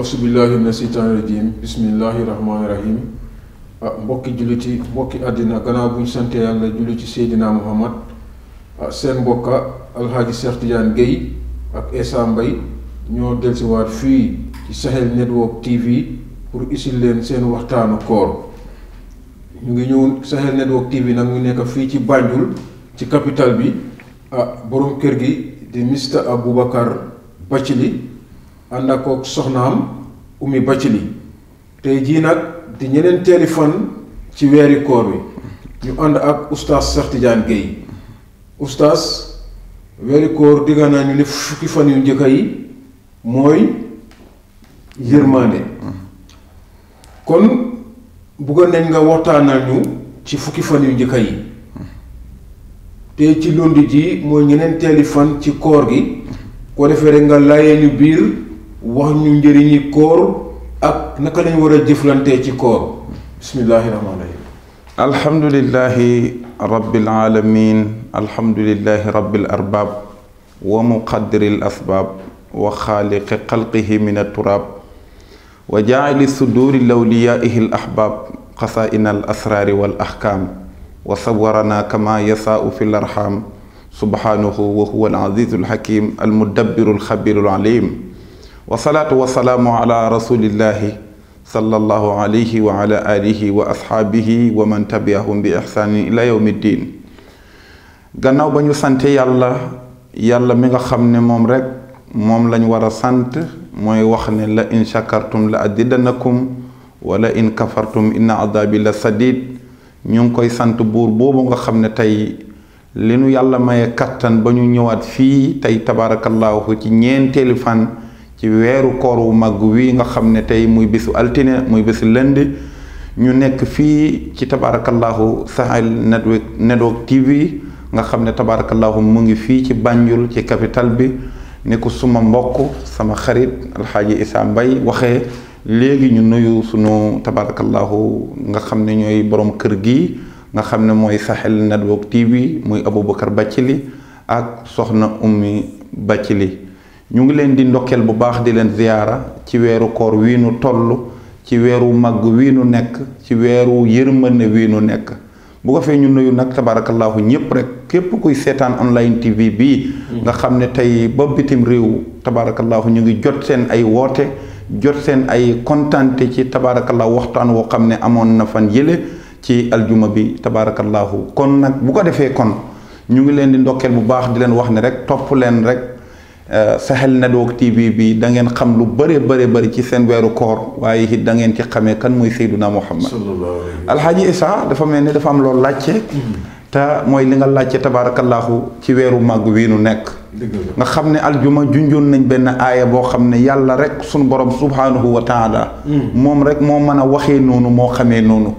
asubillahi mina seytaani rajim bismillahi rahmaani rahim ah, mbokki julliti mbokki àddina gannaaw buñ ñu yàlla julli ci Seydina Muhammad ah, seen mbokka alxaaji Cheikh Tidiane ak Essa Mbaye ñoo delsiwaat fii ci Sahel Network TV pour isil leen seen waxtaanu koor ñu ngi ñëw Sahel Network TV nag ñu nekk fii ci Banjul ci capital bi ah borom kër gi di Mr Aboubacar Bathily ànd ak soxnaam Oumy li tey jii nag di ñeneen teeli fan ci weeri koor wi ñu ànd ak oustaz Cheikh Tidiane Guèye weeri koor digga ñu ne fukki fan yu njëkk yi mooy yërmande kon bëggoon nañ nga waxtaanal ñu ci fukki fan yu njëkk yi tey ci lundi ji mooy ñeneen teeli fan ci koor gi ko defee rek nga laayee ñu biir wax ñu njëriñi koor ak naka lañ war a jëflante ci koor bismillahi rahmaani rahim alhamdulillahi rabbil alamin alhamdulillahi rabbil arbab wa muqaddiri al asbab wa xaaliqi xalqihi min aturaab wa jaacili suduri lawliyaihi al ahbab qasaa'ina al asraari wal ahkaam wa sawarana kama yasaa'u fi l arxaam subhaanahu wa huwa al azizu al xakim al mudabbiru al xabiru al alim wasalaatu wasalaamu ala rasulillahi sallallahu wa ala alihi wa asxaabihi wa man tabiahum bi ixsaanin ila yawmi ddin gannaaw ba ñu sant yàlla yàlla mi nga xam ne moom rekk moom lañu war a sant mooy wax ne la in shakartum la addidanakum wala in kafartum inna adabi la sadid ñu koy sant buur boobu nga xam ne tey li nu yàlla maye kattan ba ñu ñëwaat fii tey tabaarakallaahu ci ñeenteelu fan ci weeru koor wu màgg wi nga xam ne tey muy bésu altine muy bisu lënd ñu nekk fii ci tabaarakallaahu Sahel network network TV nga xam ne tabaarakallaahu mu ngi fii ci Banjul ci capital bi ni ko suma mbokk sama xarit alxaaji Issa Mbay waxee léegi ñu nuyu sunu tabaarakallaahu nga xam ne ñooy borom kër gi nga xam ne mooy Sahel network TV muy Aboubacar li ak soxna Ummi li ñu ngi leen di ndokkeel bu baax di leen ziyaara ci weeru koor wii nu toll ci weeru màgg wii nu nekk ci weeru yërmande wii nu nekk bu ko fee ñu nuyu nag tabaarakallaahu ñëpp rek képp kuy seetaan online TV bi mm. nga xam ne tey ba bitim réew tabaarakallaahu ñu ngi jot seen ay woote jot seen ay kontante ci tabaarakallaahu waxtaan woo xam ne amoon na fan yële ci aljuma bi tabaarakallaahu kon nag bu ko defee kon ñu ngi leen di ndokkeel bu baax di leen wax ne rek topp leen rek. Sahel nadok TV bi da ngeen xam lu bari bari bari ci sen wéru koor waye hit da ngeen ci xamé kan moy sayyiduna Muhammad alxaaji Isa dafa melni dafa am lool laccé ta moy li nga laccé tabarakallah ci wéru mag wi nu nek nga xamné aljuma junjun nañ ben aya bo xamné yàlla rek sun borom subhanahu wa taala mom rek mo meuna waxé nonu mo xamé nonu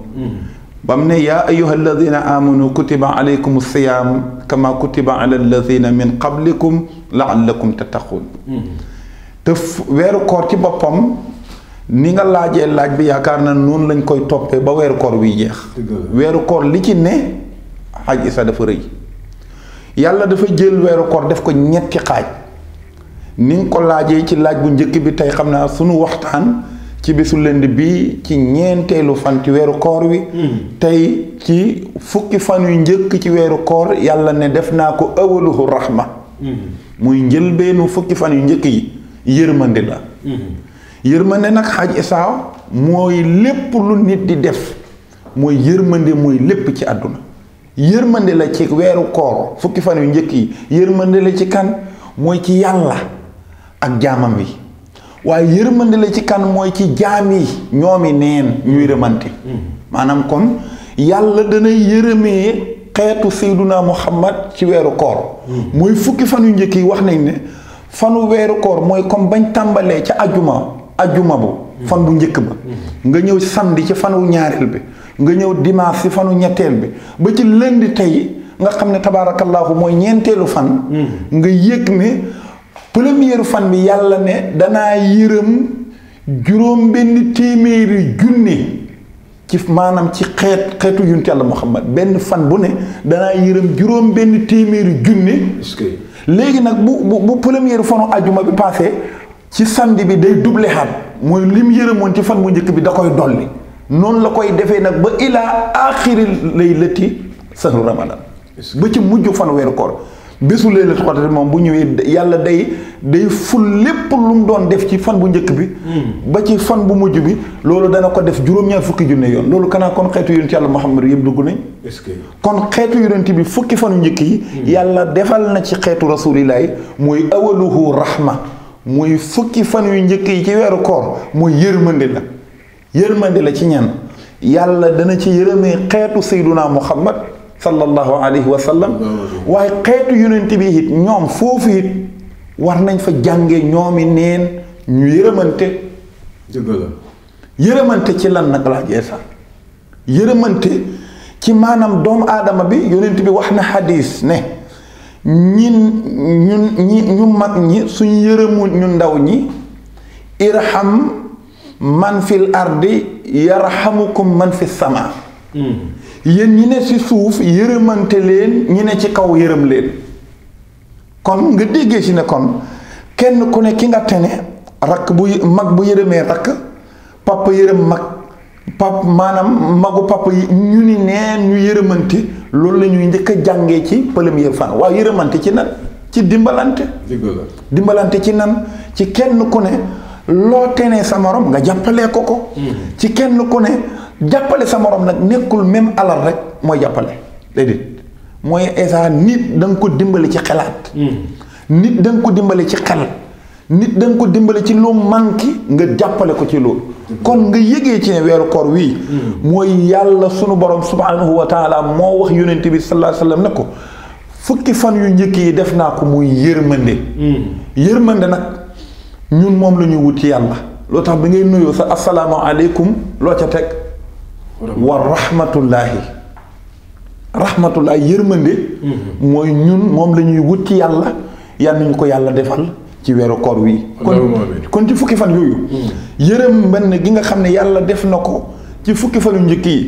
noonu ne yaa ayuha alladina amanu kutiba alaykum siyam kama kutiba ala alladina min qablikum laallakum tattaquun hmm. te weeru koor ci boppam ni nga laajee laaj bi yaakaar na noonu lañ koy toppee ba weeru koor biy jeex weeru koor li ci ne xaaj isa dafa rëy yàlla dafa jël weeru koor def ko ñetti xaaj ni nga ko laajee ci laaj bu njëkk bi tey xam naa sunu waxtaan ci bisu lënd bi ci ñeenteelu fan ci weeru koor wi hmm. tey ci fukki fan yu njëkk ci weeru koor yàlla ne def naa ko awaluhu rahma hmm. muy njëlbeenu fukki fan yu njëkk yi yërmande la mm-hmm. yërmande nag xaaj isaaw mooy lépp lu nit di def mooy yërmande mooy lépp ci àdduna yërmande la ci weeru koor fukki fan yu njëkk yi yërmande la ci kan mooy ci yàlla ak jaamam bi waaye yërmande la ci kan mooy ci jaam yi ñoomi neen ñuy rëmante mm-hmm. maanaam kon yàlla dana yërëmee xeetu Seyduna Muhammad ci weeru koor mooy fukki fan yu njëkk yi wax nañ ne fanu weeru koor mooy comme bañ tàmbalee ca ajuma ajuma bu fan bu njëkk ba nga ñëw samedi ci fanu ñaareel bi nga ñëw dimanche ci fanu ñetteel bi ba ci lundi tey nga xam ne tabaarakallaahu mooy ñeenteelu fan nga yëg ne première fan bi yàlla ne danaa yërëm juróom benn téeméeri junni كيف ما نام تي قيت قيتو يونت الله محمد بن فان بني دانا يرم جروم بن تيمير جوني اسكي لغي نك بو بو بو بريمير فونو اديوما بي باسي تي ساندي بي داي دوبلي هاد موي ليم يرمون تي فان مو نيك بي داكاي دولي نون لا كوي ديفي نك با الى اخر ليلتي سهر رمضان با تي موجو فان وير كور bésu Laylatul Qadr moom bu ñëwee yàlla day day ful lépp lu mu doon def ci fan bu njëkk bi. Hmm. ba ci fan bu mujj bi. loolu dana ko def juróom-ñaar fukki junne yoon loolu kanaa kon xeetu yonent yàlla Muhammad yëpp dugg nañ. est-ce que kon xeetu yonent bi fukki fanu njëkk yi. Hmm. yàlla defal na ci xeetu rasulilaay muy awaluhu rahma muy fukki fan yu njëkk yi ci weeru koor muy yërmande la yërmande la ci ñan yàlla dana ci yërëmee xeetu sayduna Muhammad صلى الله عليه وسلم واي خيتو يونتي بي هيت نيوم فوفو هيت وار نان فا جانغي نيومي نين ني يرمانتي دغلا يرمانتي تي لان نك لا جيسا يرمانتي تي مانام دوم ادم بي يونتي بي واخنا حديث ني نين نين ني ماك ني سون يرمو ني نداو ني ارحم من في الارض يرحمكم من في السماء Mm. yéen ñi ne ci suuf yërëmante leen ñi ne ci kaw yërëm leen kon nga déggee ci ne kon kenn ku ne ki nga tene rakk bu mag bu yërëmee rakk papa yërëm mag pap maanaam magu pap yi ñu ni neen ñu yërëmante loolu la ñuy njëkk a jàngee ci première fan waaw yërëmante ci nan ci dimbalante dimbalante ci nan ci kenn ku ne loo tenee sa morom nga jàppalee ko ko mm. ci kenn ku ne jàppale sa morom nag nekkul même alal rek mooy jàppale déedéet mooy esa nit danga ko dimbali ci xelaat hmm. nit da nga ko dimbale ci xel nit da ko dimbale ci lu manqué nga jàppale ko ci loolu kon nga yëgee ci ne weeru koor wii hmm. mooy yàlla sunu borom subhanahu wa taala moo wax yonent bi sallallahu alayhi ne ko fukki fan yu njëkk yi def naa ko muy yërmande hmm. yërmande nag ñun moom la ñuy wut ci yàlla loo tax bi ngay nuyoo sa asalaamaaleykum loo ca teg wa rahmatullahi rahmatullahi yërmande mm-hmm. mooy ñun moom lañuy wut ci yàlla yal nañu ko yàlla defal ci weeru koor wi kon kon ci fukki fan yooyu mm-hmm. yërëm mbenn gi nga xam ne yàlla def na ko ci fukki fanu yu njëkk yi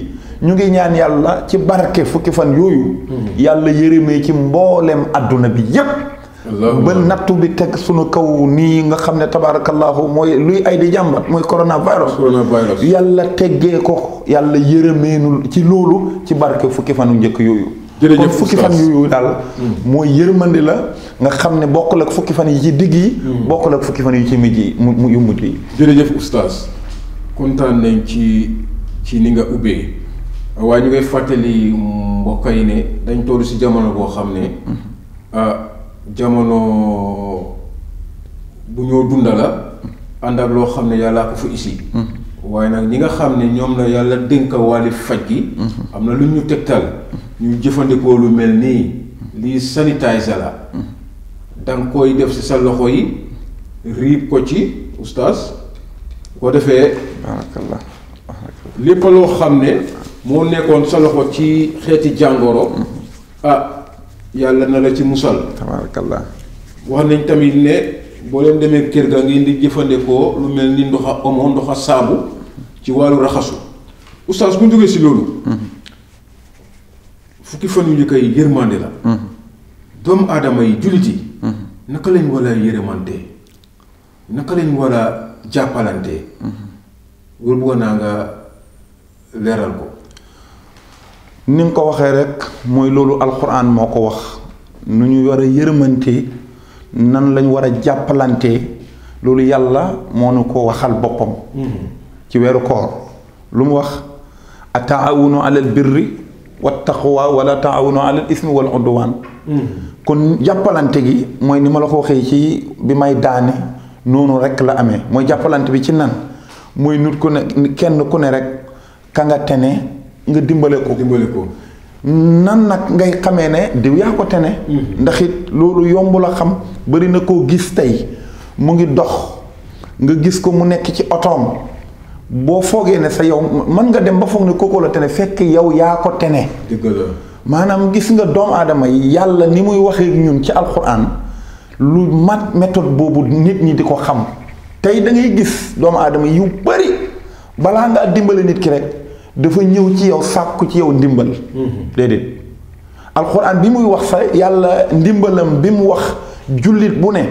ñu ngi ñaan yàlla ci barke fukki fan yooyu mm-hmm. yàlla yërëmee ci mboolem àdduna bi yépp ba nattu bi teg sunu kaw nii nga xam ne tabaarakallaahu mooy luy ay di jàmbat mooy coronavirus. coronavirus yàlla teggee ko yàlla yërëmeenul ci loolu ci barke fukki fanu njëkk yooyu. kon fukki fan yooyu daal hmm. mooy yërmande la nga xam ne bokkul ak fukki fan yi ci digg yi hmm. bokkul fukki fan yu ci mujj yi mu yu mujj yi jërëjëf oustaz kontaan nañ ci ci ni nga ubbee waaye ñu ngay fàttali mbokk yi ne dañ toll si jamono boo xam ne hmm. ah, jamono bu ñoo dunda la ànd loo xam ne yàllaa ko fu isi hmm. waaye nag ñi nga xam ne ñoom la yàlla dénk wàlli faj gi hmm. am na lu ñu tegtal ñu jëfandikoo lu mel nii lii sanitizer la hmm. danga koy def si sa loxo yi riib ko ci oustaz ko defee barakallah lépp loo xam ne moo nekkoon sa loxo ci xeeti jàngoro ah yàlla na la ci musal. tabarakallah wax nañ tamit ne boo leen demee kër gaa ngi di jëfandikoo lu mel ni ndoxa omo ndoxa saabu ci wàllu raxasu usas bu ñu jógee si loolu. Mm-hmm. fukki fan yu njëkk yi yërmande la. Mm-hmm. doomu aadama yi jullit yi. Mm-hmm. naka lañ war a yërëmante naka lañ war a jàppalante. loolu bëgg naa nga leeral ko. ni nga ko waxee rek mooy loolu alxuraan moo ko wax nu ñuy war a yërëmante nan lañ war a jàppalante loolu yàlla moo nu ko waxal boppam ci weeru koor lu mu wax a taawunu alal birri wa taqwa wala taawunu alal ismi wal udwaan kon jàppalante gi mooy ni ma la ko waxee ci bi may daane noonu rek la amee mooy jàppalante bi ci nan mooy nit ku ne kenn ku ne rek ka nga dimbale ko dimbale ko nan nag ngay xamee ne diw yaa ko tene mhm. ndax it loolu yomb la xam bari na koo gis tey mu ngi dox nga gis ko mu nekk ci otoom boo foogee ne sa yow mën nga dem ba foog ne kooku la tene fekk yow yaa ko tene maanaam gis nga doom aadama yi yàlla ni muy waxee ñun ci alxuraan lu mat méthode boobu nit ñi di ko xam tey da ngay gis doomu aadama yu bari balaa ngaa dimbale nit ki rek dafa ñëw ci yow sàkku ci yow ndimbal mm-hmm. déedéet alxuraan bi muy wax sa yàlla ndimbalam bi mu wax jullit bu ne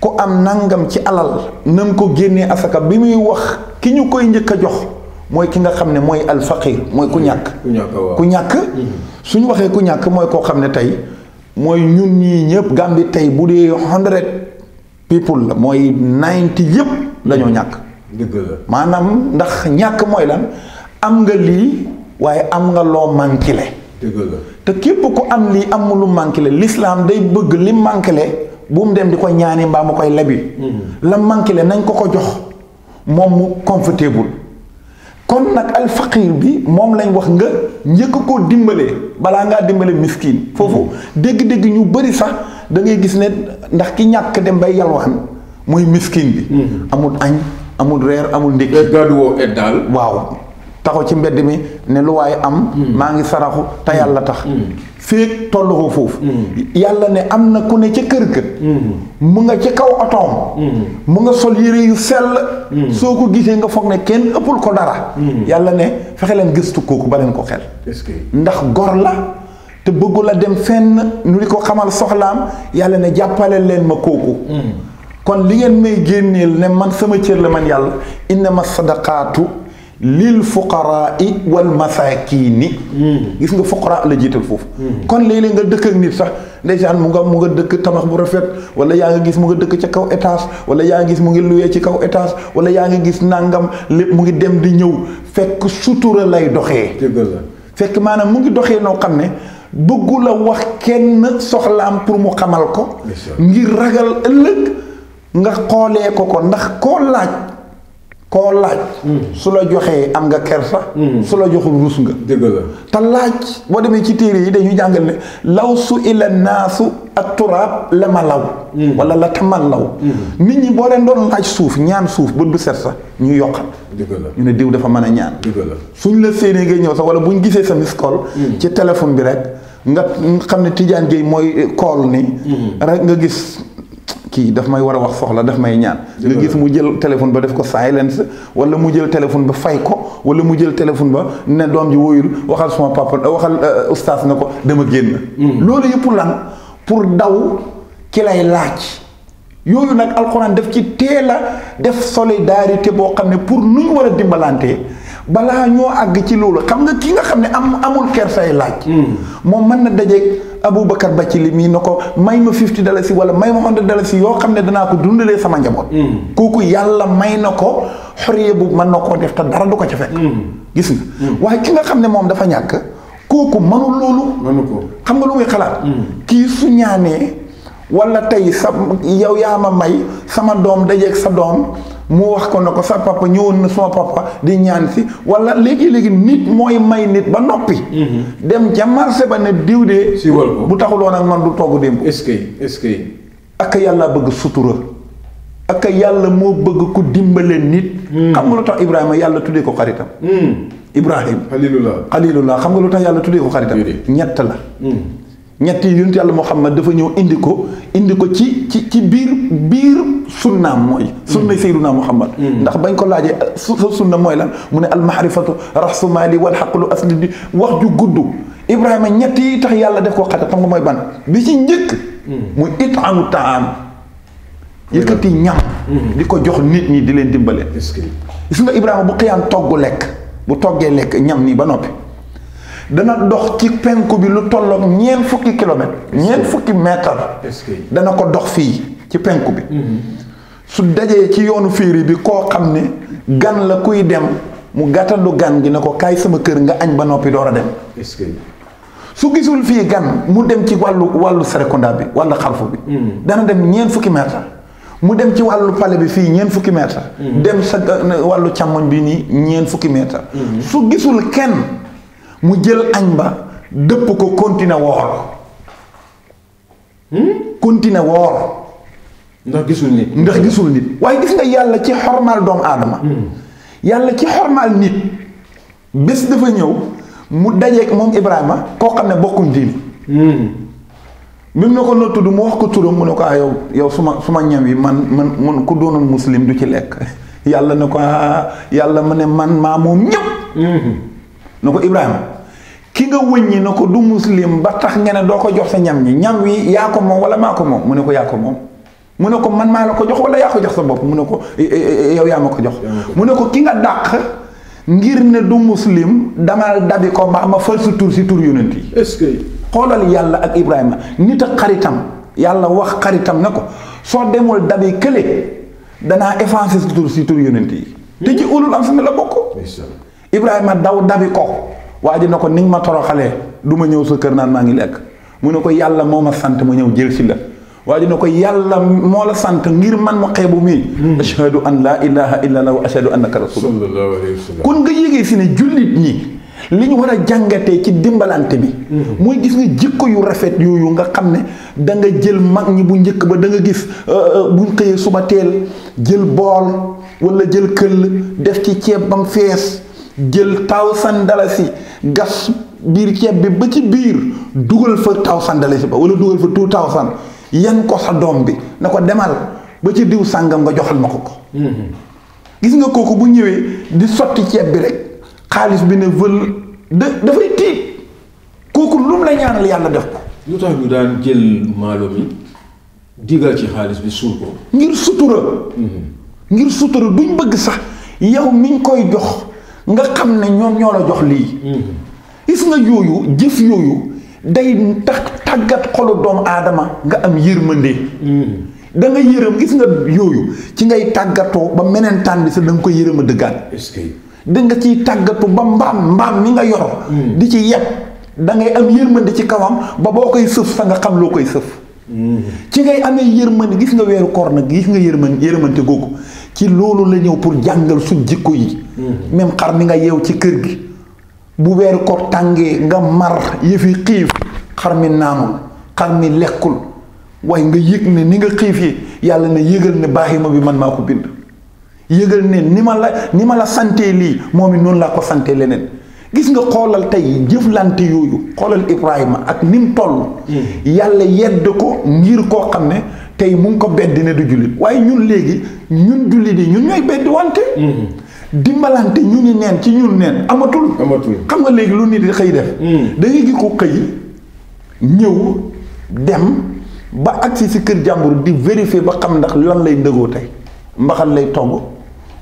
ku am nangam ci alal nan ko génnee asaka bi muy wax ki ñu koy njëkk a jox mooy ki nga xam ne mooy alfaqir mooy ku ñàkk mm-hmm. ku ñàkk mm-hmm. suñu waxee ku ñàkk mooy koo xam ne tey mooy ñun ñi ñëpp Gàmbi tey bu dee hundred people la mooy ninety yëpp dañoo ñàkk maanaam ndax ñàkk mooy lan am nga lii waaye am nga loo mankile te képp ko am lii am lu mànkile lislaam day bëgg li mànkile bu mu dem di ko ñaani mbaam mu koy lebi mm-hmm. la mànkile nañ ko ko jox moom mu comfortable kon nag al bi moom lañ wax nga njëkk koo dimbalee balaa ngaa dimbale miskin foofu mm-hmm. dégg-dégg ñu bari sax dangay gis ne ndax ki ñàkk dem bay yalwaan mooy miskin bi mm-hmm. amul añ amul reer amul ndékki waaw taxaw ci mbedd mi ne lu waaye am hmm. maa ngi saraxu te yàlla tax hmm. Hmm. féeg tollu ko foofu yàlla ne am na ku ne ca kër kër mu nga ci kaw otoom mu nga sol yére yu sell soo ko gisee nga foog ne kenn ëppul ko dara yàlla ne fexe leen gëstu kooku ba leen ko xel ndax gor la te bëggu la dem fenn nu li ko xamal soxlaam yàlla ne jàppale leen ma kooku kon li ngeen may génneel ne man sama cër la man yàlla inna ma sadaqaatu lil fuqaraa i wal ni hmm. gis nga fuqaraa la jiital foofu hmm. kon léeg nga dëkk ak nit sax ndeysaan mu nga mu nga dëkk tabax bu rafet wala yaa ngi gis mu nga dëkk ca kaw étage wala yaa gis mu ngi luwee ci kaw étage wala yaa ngi gis nàngam lépp mu ngi dem di ñëw fekk sutura lay doxee fekk maanaam mu ngi doxee noo xam ne bëggu la wax kenn soxlaam pour mu xamal ko ngir ragal ëllëg nga xoolee ko ko ndax koo laaj koo laaj. su la joxee am nga kersa. su la joxul rus nga. dëgg la te laaj boo demee ci téere yi dañuy jàngale ne law su ila naasu ak turaab la ma law. Mm. wala la tamal law. Mm. nit ñi boo leen doon laaj suuf ñaan suuf bët bu set sax ñu yokkal. dëgg la ñu ne diw dafa mën a ñaan. dëgg la suñ la séenee ngay ñëw sax wala ñu gisee sa miss call mm. ci téléphone bi rek nga xam ne Tidiane Gueye mooy call ni. rek nga gis. kii daf may war a wax soxla daf may ñaan nga gis mu jël téléphone ba def ko silence wala mu jël téléphone ba fay ko wala mu jël téléphone ba ne doom ji wóoyul waxal sama papa waxal euh, ustaas na ko dama génn hmm. loolu yëpp lan pour daw ki lay laaj yooyu nag alxuraan def ci teel a def solidarité boo xam ne pour nu war a dimbalantee balaa ñoo àgg ci loolu xam nga ki nga xam ne am amul kersay laaj hmm. moom mën na dajeeg ba ci li mii na ko may ma fifty dalasi wala may ma hundred dalasi yoo xam ne danaa ko dundalee sama njaboot. Mm. kooku yàlla may na ko xoriya bu mën na koo def te dara du ko ca fekk. Mm. gis nga. Mm. waaye ki nga xam ne moom dafa ñàkk kooku mënul loolu. mënu ko xam nga lu muy xalaat. kii su ñaanee wala tey sa yow yaa ma may sama doom dajeeg sa doom. mu wax ko na ko sa papa ñëwoon na sama papa di ñaan si wala léegi léegi nit mooy may nit ba noppi. Mhm. dem ca marché ba ne diw de. si wal bu taxuloon ak man du togg démb. est-ce que que. ak yàlla bëgg sutura. ak yàlla moo bëgg ku dimbale nit. Mhm. xam nga lu tax Ibrahima yàlla tuddee ko xaritam. Mhm. Ibrahima xalilullah xalilullah xam nga lu tax yàlla tuddee ko xaritam. ñett la. ñetti yi yonent yàlla Muhammad dafa ñëw indi ko indi ko ci ci ci biir biir sunnaam mooy sunna mm. Seydina Muhammad mm. ndax bañ ko laajee sa sunna mooy lan mu ne almahrifatu raxsu maali wal xaqlu asli di wax ju gudd Ibrahima ñetti tax yàlla def ko xata xam nga mooy ban bi ci njëkk mm. muy itaamu taam yëkkati ñam di ko jox nit ñi di leen dimbale gis nga Ibrahima bu xëyaan togg lekk bu toggee lekk ñam nii ba noppi dana dox ci penku bi lu tolloog ñeent fukki kilomètre ñeent fukki mètre dana ko dox fii ci penku bi mm-hmm. su dajee ci yoonu féeri bi koo xam ne gan la kuy dem mu gàttandu gan gi ne ko kaay sama kër nga añ ba noppi door a dem su gisul fii gan mu dem ci wàllu wàllu Serekunda bi walla xarfu bi mm-hmm. dana dem ñeent fukki mètre mu dem ci wàllu pale bi fii ñeent fukki mètre mm-hmm. dem sa wàllu càmmoñ bi nii ñeent fukki mètre su gisul kenn mu jël añ ba dëpp ko continuer woor kontine hmm? woor ndax gisul nit ndax gisul nit waaye gis nga yàlla ci xormaal doomu aadama hmm. yàlla ci xormaal nit bés dafa ñëw mu dajeek moom Ibrahima koo xam ne bokkuñ diin même na ko noo tudd mu wax ko turam mu ne ko ah yow yow ma suma ñam yi man man man ku doonoon muslim ci lekk yàlla ne ko ah, yàlla mu ne man na ko Ibrahima ki nga wëññi na ko du muslim ba tax nga ne doo ko jox sa ñam ñi ñam wi yaa ko moom wala maa ko moom mu ne ko yaa ko moom mu ne ko man maa la ko jox wala yaa ko jox sa bopp mu ne ko eh, eh, eh, yow yaa ma ko jox mu ne ko ki nga dàq ngir ne du muslim damal dabi ko mbaa ma fal si tur si tur yonent yi est xoolal yàlla ak Ibrahima nit ak xaritam yàlla wax xaritam na ko soo demul dabi kële danaa effacer si tur si tur yonent yi te ci ulul am sami la bokk Ibrahima daw dabi ko waa ji na ko ni nga ma toroxalee du ma ñëw sa kër naan maa ngi lekk mu ne ko yàlla moo ma sant ma ñëw jël si la waa ji na ko yàlla moo la sant ngir man mu xeebu mii ashhadu an laa ilaha illa allah wa ashhadu annaka rasulullah kon nga yégee si ne jullit ñi li ñu war a jàngatee ci dimbalante bi mooy gis nga jikko yu rafet yooyu nga xam ne da nga jël mag ñi bu njëkk ba da nga gis buñ xëyee suba teel jël bool wala jël këll def ci ceeb bam fees jël tawsan dalasi gas bir ci bi ba ci bir dugal fa tawsan dalasi ba wala dugal fa two tawsan ko sa dom bi nako demal ba ci diw sangam nga joxal mako ko ko gis nga koku bu ñewé di soti ci bi rek xaliss bi ne veul da fay tiit koku lum la ñaanal yalla def ko tax ñu daan jël malo mi digal ci xaliss bi sul ko ngir sutura mm-hmm. ngir sutura duñ bëgg sax yow miñ koy jox nga xam ne ñoom ñoo la jox lii. gis nga yooyu jëf yooyu day tax tàggat xolu doomu aadama nga am yërmande. da nga yërëm gis nga yooyu ci ngay tàggatoo ba meneen tànn bi sax koy yërëm a dëggaat. da nga ciy tàggatu ba mbaam mbaam mi nga yor. Mm. di ci yeb da ngay am yërmande ci kawam ba boo koy sëf sa nga xam loo koy sëf. Mm. ci ngay amee yërmande gis nga weeru koor nag gis nga yërmande yërmante googu ci loolu la ñëw pour jàngal suñ jikko yi mm-hmm. même xar mi nga yeew ci kër gi bu weeru ko tàngee nga mar yëfi xiif xar mi naanul xar mi lekkul waaye nga yëg ne ni nga xiif yi yàlla ne yëgal ne baaxima bi man maa ko bind yëgal ne ni ma la ni ma la santee lii moom it noonu laa ko sante leneen gis nga xoolal tey jëflante yooyu xoolal Ibrahima ak ni mu mm-hmm. yàlla yedd ko ngir koo xam ne tey mu ngi ko beddi ne du jullit waaye ñun léegi ñun jullit yi ñu ñooy beddi wante mm-hmm. dimbalante ñu ngi neen ci ñun neen amatul amatul xam nga léegi lu nit di xëy def mm. da ngay gi ko xëy ñëw dem ba agsi si kër jàmbur di vérifier ba xam ndax lan lay ndëgoo tey mbaxal lay togg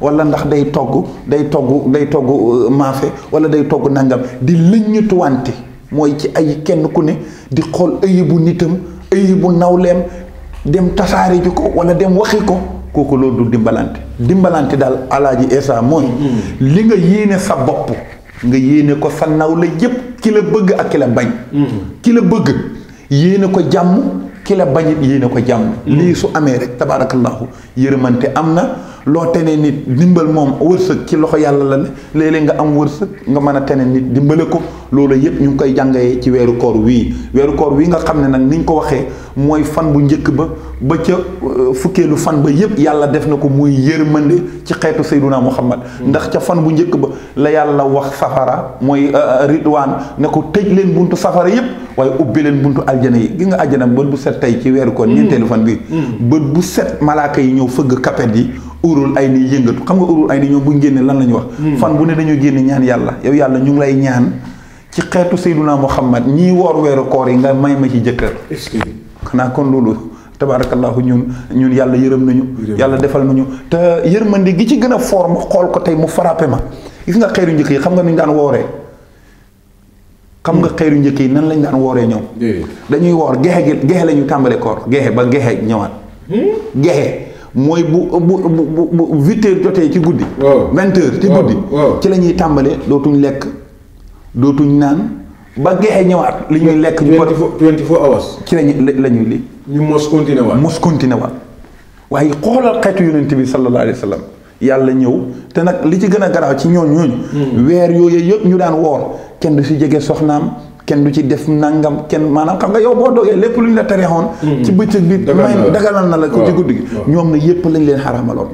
walla ndax day togg day togg day togg euh, maafe wala day togg nangam di lëññatuwante mooy ci ay kenn ku ne di xool ëyi bu nitam ëyi bu nawleem dem tasaari ji ko wala dem waxi ko kooku loolu du dimbalante dimbalante daal alaaji Essa mooy mm-hmm. li nga yéene sa bopp nga yéene ko sa nawle yépp ki la bëgg ak ki la bañ mm-hmm. ki la bëgg yéene ko jàmm ki la bañit yéene ko jàmm mm-hmm. lii su amee rek tabaarakallaahu yërëmante am na loo tenee nit dimbal moom wërsëg ci loxo yàlla la ne léeg-léeg nga am wërsëg nga mën a teneen nit dimbale ko loolu yépp ñu ngi koy jàngee ci weeru koor wii weeru koor wii nga xam ne nag ni ñu ko waxee mooy fan bu njëkk ba ba ca euh, fukkeelu fan ba yépp yàlla def na ko muy yërmande ci xeetu sayduna muhammad hmm. ndax ca fan bu njëkk ba la yàlla wax safara mooy euh, euh, ridwaan ne ko tëj leen buntu safara yépp waaye ubbi leen buntu aljana yi gi nga aljana bët bu set tey ci weeru koor hmm. ñeenteelu fan bi hmm. bët bu set malaaka yi ñëw fëgg kapet yi urul ay ni yëngatu xam nga urul ay ni ñoom buñ génne lan la ñu wax hmm. fan bu ne dañoo génne ñaan yàlla yow yàlla ñu ngi lay ñaan ci xeetu Seydunaa Muhammad ñii woor weeru koor yi nga may ma ci jëkkër xanaa kon loolu tabaarakallaahu ñun ñun yàlla yërëm nañu yàlla defal nañu te yërmande gi ci gën a foor ma xool ko tey mu frappé ma gis nga xeeru njëkk yi xam nga nuñ daan wooree xam nga hmm. xeeru njëkk yi nan lañ daan wooree ñoom dañuy woor gexe gi gexe la ñu tàmbale ba gexe ñëwaat hmm? gexe mooy bu bu bu bu huit heures jotee ci guddi. vingt heures ci guddi. ci la ñuy tàmbalee dootuñ lekk dootuñ naan ba geexee ñëwaat. li ñuy lekk ñu. twenty four twenty four hours. ci la la ñuy li. ñu mos continué waat mos continué waat waaye xoolal xeetu yonent bi sallallahu alayhi wa sallam yàlla ñëw te nag li ci gën a garaaw ci ñooñ ñooñu. Hmm. weer yooyu yëpp ñu daan woor kenn du si jege soxnaan kenn du ci def nangam kenn maanaam xam nga yow boo dogee lépp lu ñu la terexoon mm-hmm. ci bëccëg bi may dagalal na la ko ci guddi gi ñoom na yépp lañ leen xaramaloon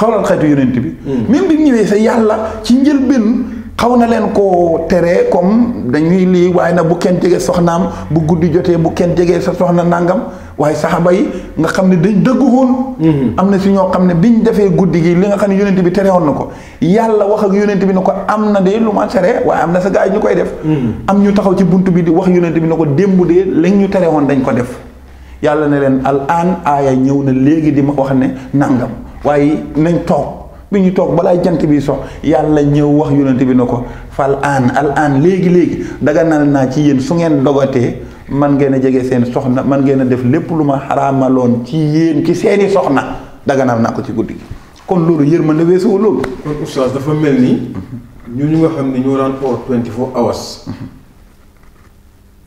xawlal xeetu yonent bi mm-hmm. même bi ñëwee sa yàlla ci njëlbeen xaw na leen koo tere comme dañuy lii waaye nag bu kenn jege soxnaam bu guddi jotee bu kenn jegee sa soxna nàngam waaye saxaba yi nga xam ne dañ dëgg woon mhm. am na si ñoo xam ne biñ defee guddi gi li nga xam ne yonent bi terewoon na ko yàlla wax ak yonent bi ne ko am na de lu ma tere waaye am na sa gars yi ñu koy def mhm. am ñu taxaw ci bunt bi di wax yonent bi ne ko démb de lañ ñu tere woon dañ ko def yàlla ne leen al an aaya ñëw na léegi di ma wax ne nàngam waaye nañ toog bi ñu toog balaa jant bi so yàlla ñëw wax yonent bi na ko fa aan al aan léegi léegi daganal naa ci yéen su ngeen dogatee man ngeen a jege seen soxna man ngeen a def lépp lu ma xaraamaloon ci yéen ci seeni soxna daganal naa ko ci guddi gi kon loolu yërmande weesuwu loolu. kon oustaz dafa mel ni. ñooñu nga xam ne ñoo daan oor 24 hours.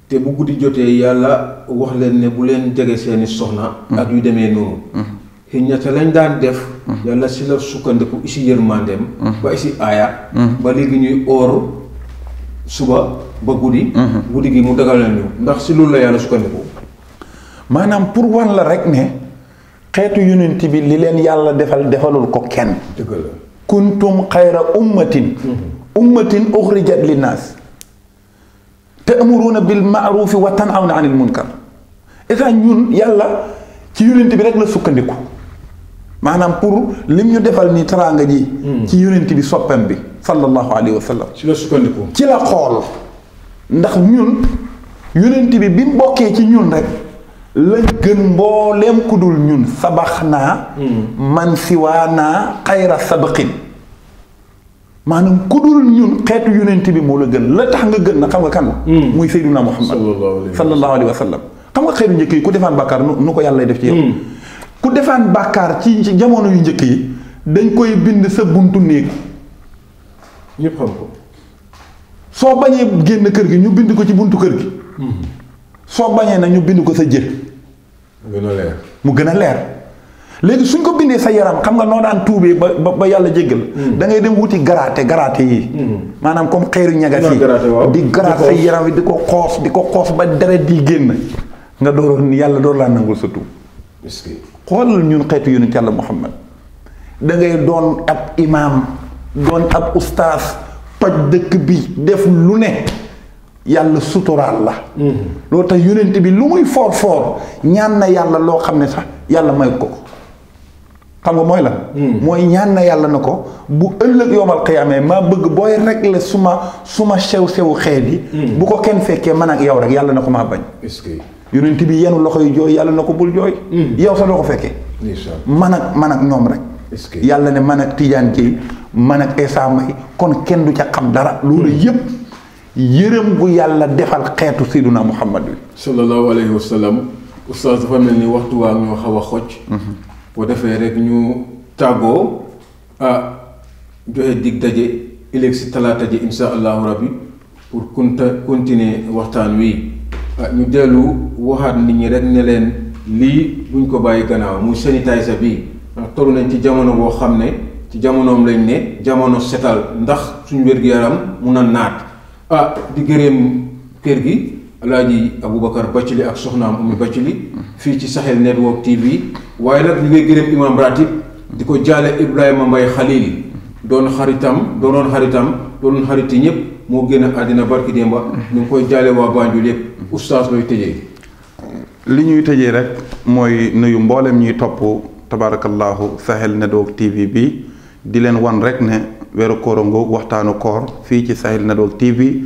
te bu guddi jotee yàlla wax leen ne bu leen jege seeni soxna. ak yu demee noonu. xiññata lañ daan def yàlla si la sukkandiku isi yërmandeem ba isi aaya ba léegi ñuy oor suba ba guddi guddi gi mu dagal nañu ndax si loolu la yàlla sukkandiku maanaam pour wan la rek ne xeetu yonent bi li leen yàlla defal defalul ko kenn dëgg la kuntum xayra ummatin ummatin uxrijat linnaas ta'muruuna bil ma'ruufi wa tanhawna anil munkar et ñun yàlla ci yonent bi rek la sukkandiku maanaam pour lim ñu defal ni teraanga ji. Hmm. ci yonent bi soppam bi sallallahu alayhi wa sallam. ci la sukkandiku. ci la xool ndax ñun yonent bi bi mu bokkee ci ñun rek la gën mbooleem ku dul ñun sabax naa. Hmm. man siwaa naa xayra sabaqin maanaam ku dul ñun xeetu yonent bi moo la gën la tax nga gën na xam nga kan. Hmm. muy Seydina Muhammad sallallahu alayhi wa sallam. xam nga xeetu njëkk yi ku defaan bàkkaar nu ko yàlla def ci yow. ku defaan bàkkaar ci ci jamono yu njëkk yi dañ koy bind sa buntu neeg ñepp xam ko so bañé genn kër gi ñu bind ko ci buntu kër gi hmm. so bañé na ñu bind ko sa leer mu gëna leer légui suñ ko bindé sa yaram xam nga no daan tuubé ba ba yalla yàlla jéggal hmm. da ngay dem wuti garaate garaate yi manam hmm. comme xéru ñaga fi di garaat sa yaram di ko xoss di ko xoss ba deret di genn nga ni yalla do la nangul sa tuub xoolal ñun xeetu yonent yàlla Muhammad da ngay doon ab imaam doon ab ustaas toj dëkk bi def lu ne yàlla suturaal la loo tax yonent bi lu muy foor foor ñaan na yàlla loo xam ne sax yàlla may ko xam nga mooy la mooy ñaan na yàlla na ko bu ëllëg yoomal xiyaamee maa bëgg booy rek la suma suma sew sewu xeet yi bu ko kenn fekkee man ak yow rek yàlla na ko maa bañ yonent bi yenn loxo yu jooy yàlla na ko bul jooy. Hmm. yow sa doo ko fekkee. man ak man ak ñoom rek. yàlla ne man ak Tidiane Dieye man ak Essa kon kenn du ca xam dara. loolu hmm. yëpp yërëm bu yàlla defal xeetu Seydina Muhammad bi. sallallahu alayhi wa sallam. oustaz dafa mel ni waxtu waa ñoo xaw a xocc. Mhm. boo defee rek ñu tàggoo ah joxe dig daje ëllëg si talaata ji incha allahu rabbi pour kunta continuer waxtaan wi. ah ñu dellu waxaat nit ñi rek ne leen lii buñ ko bàyyi gannaaw muy sanitizer bi ndax nañ ci jamono boo xam ne ci jamonoom lañ ne jamono setal ndax suñu wér-gu-yaram mun na naat ah di gërëm kër gi alaaji Aboubacar Bathily ak soxnaam Oumy Bathily fii ci Sahel Network TV waaye nag ñu ngay gërëm imam ratib di ko jaale Ibrahima Mbaye Khalil doon xaritam doonoon xaritam doon xariti ñëpp moo génn àddina barki démba ñu ngi koy jaale waa Banjul yëpp oustaz looy tëjee li ñuy tëjee rek mooy nuyu mbooleem ñuy topp tabaarakallaahu Sahel Network TV bi di leen wan rek ne weeru koor ngoog waxtaanu koor fii ci Sahel Network TV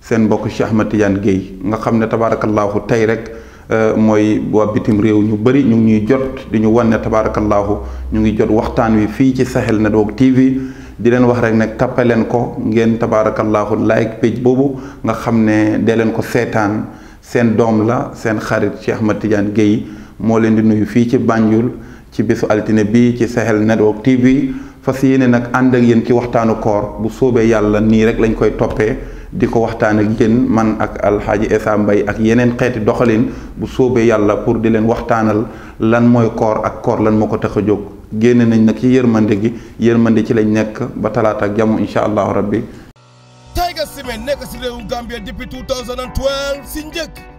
seen mbokk Cheikh Ahmed Tidiane Guèye nga xam ne tabaarakallaahu tey rek euh, mooy waa bitim réew ñu bëri ñu ngi ñuy jot di ñu wan ne tabaarakallaahu ñu ngi jot waxtaan wi fii ci Sahel Network TV di leen wax rek nag tappe leen ko ngeen tabaarakallaahu like page boobu nga xam ne de leen ko seetaan seen doom la seen xarit Cheikh Ahmed Tidiane Guèye moo leen di nuyu fii ci Banjul ci bésu altine bi ci Sahel Network TV fas yéene nag ànd ak yéen ci waxtaanu koor bu soobee yàlla nii rek lañ koy toppee diko waxtaan ak yéen man ak alxaaji isa mbay ak yenen xéti doxalin bu soobé yàlla pour di len waxtaanal lan moy koor ak koor lan moko ko jóg génne nañ nak ci yërmande gi yërmande ci lañ nek ba talata ak jamu incha allahu rabbi tayga Cement nek ci rewum Gambia depuis 2012 si njëkk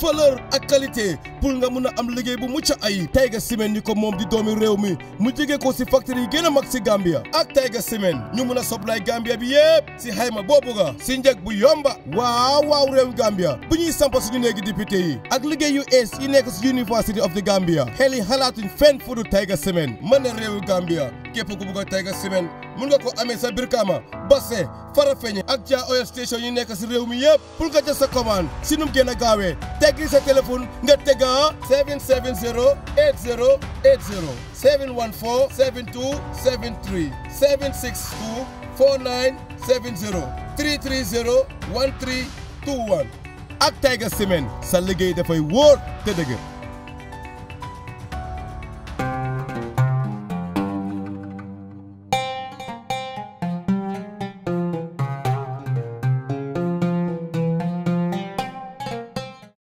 valeur ak qualité pour nga mun a am liggéey bu mucc ay Tiger Cement ni ko moom di doomi réew mi mu jógee ko si factory yi gën a mag si Gambia ak Tiger Cement ñu mun a supply Gambia bi yëpp si xayma boo bëgga si njëg bu yomba waaw waaw réew Gambia bu ñuy sampa suñu néegi député yi ak liggéey yu ees yi nekk si University of the Gambia xel yi xalaatuñ fenn fu du Tiger Cement mën na réewu Gambia képp ku bëgg a tey nga semaine mun nga ko amee sa Brikama Basse Farafeñe ak Dia Oil station yi nekk si réew mi yëpp pour nga jël sa commande si nu mu gën a gaawee teggi sa téléphone nga tegga 770 80 80 714 72 73 762 49 70 330 1321 ak tey nga semaine sa liggéey dafay wóor te dëgg.